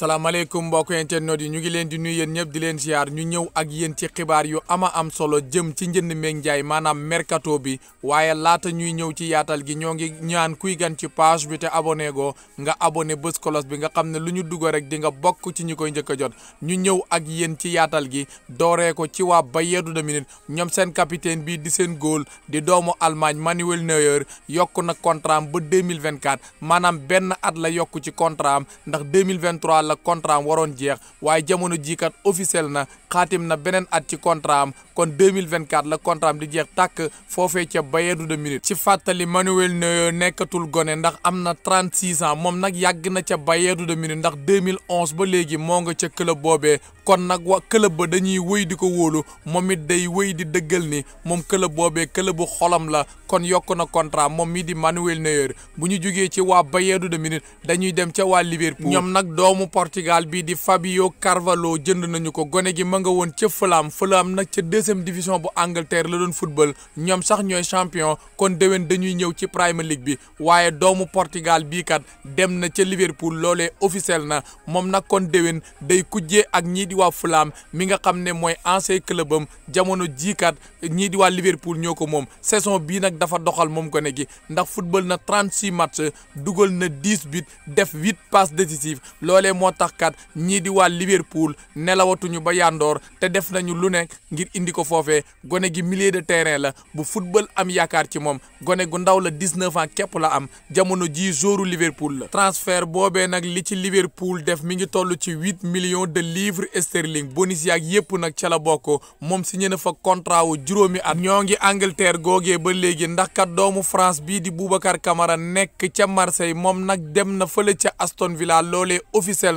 salaamaaleykum mbokk internet yi ñu ngi leen di nuyu yéen ñëpp di leen ziar ñu ñëw ak yéen ci xibaar yu ama am solo jëm ci njënd meeg njaay maanaam mercato bi waaye laata ñuy ñëw ci yaatal gi ñoo ngi ñaan kuy gan ci page bi te abonné go nga abone bés kolos bi nga xam ne lu ñu dugg rek di nga bokk ci ñu koy njëkk a jot ñu ñëw ak yéen ci yaatal gi dooree ko ci waa Bayern de Munich ñoom seen capitaine bi di seen góol di doomu Allemagne Manuel Neuer yokku na contrat am ba 2024 maanaam benn at la yokku ci contrat am ndax 2023 la contrat am waroon jeex waaye jamono jikat officiel na xaatim na beneen at ci kon contrat mille vingt 2024 la contrat am di jeex tàkk foofee ca Bayern de Munich ci fàttali Manuel Neuer nekkatul gone ndax am na 36 ans moom nag yàgg na ca Bayern de Munich ndax mille 2011 ba léegi moo nga ca club boobee kon nag wa club ba dañuy wëy di ko wóolu moom it day wëy di dëggël ni moom club boobee clubu xolam la kon yokk na contrat moom mi di Manuel Neuer bu ñu jugee ci waa Bayern de Munich dañuy dem ca waa Portugal bii di Fabio Carvalho jënd nañu ko gone gi ma nga woon ca Fulham Fulham nag ca deuxième division bu Angleterre la doon football ñoom sax ñooy champion kon déwén dañuy ñëw ci Premier League bi waaye doomu Portugal bii kat dem na ca Liverpool loolee officiel na moom nag kon déwén day kujjee ak ñii di waa Fulham mi nga xam ne mooy ancien club am jamono jii kat ñii di waa Liverpool ñoo ko moom saison bii nag dafa doxal moom gone gi ndax football na 36 match dugal na 10 but def 8 passes moo tax kat ñii di waa Liverpool nelawatuñu ba yandoor te def nañu lu nekk ngir indi ko foofee gone gi milieu de terrain la bu football am yaakaar ci moom gone gu ndaw la 19 ans képp la am jamono jii joru Liverpool la. transfert boobee nag li ci Liverpool def mi ngi toll ci huit millions de livre sterling bonus yaag yépp nag ca la bokk moom signé na fa contrat wu juróomi at. ñoo ngi Angleterre googee ba léegi ndax kat doomu France bii di Boubacar Camara nekk ca Marseille moom nag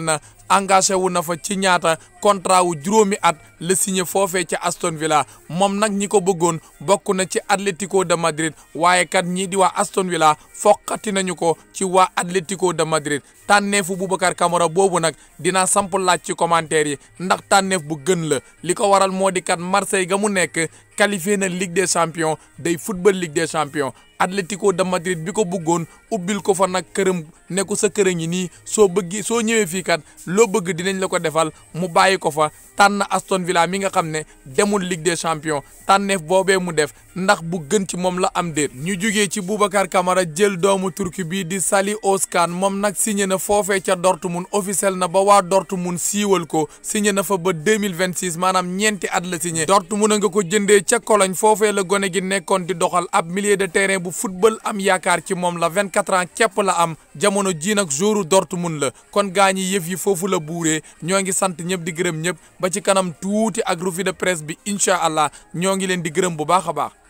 na engagé wu na fa ci ñaata contrat wu juróomi at la signé foofee ci Aston Villa moom nag ñi ko bëggoon bokk na ci Atlético de Madrid waaye kat ñii di waa Aston Villa foqati nañu ko ci waa Atlético de Madrid tànneefu Boubacar Kamara boobu nag dinaa samp laaj ci commentaire yi ndax tànneef bu gën la li ko waral moo di kat Marseille ga mu nekk qualifié na Ligue des champions day football Ligue des champions Atlético de Madrid bi ko bëggoon ubbil ko fa nag këram ne sa kër a ngi nii soo bëggi soo ñëwee fii kat loo bëgg dinañ la ko defal mu bàyyi ko fa tànn Aston Villa mi nga xam ne demul Ligue des Champions tànneef boobee mu def ndax bu gën ci moom la am déet ñu jugee ci Boubacar Kamara jël doomu turki bii di Salih Özcan moom nag signé na foofee ca mun officiel na ba waa mun siiwal ko signé na fa ba 2026 maanaam ñeenti at la mun Dortmund nga ko jëndee ca Cologne foofee la gone gi nekkoon di doxal ab milieu de terrain bu football am yaakaar ci moom la 24 ans képp la am jamono jii nag jouru Dortmund la foofu la buuree ñoo ngi sant ñëpp di gërëm ñëpp ba ci kanam tuuti ak revue de presse bi incha allah ñoo ngi leen di gërëm bu baax a baax.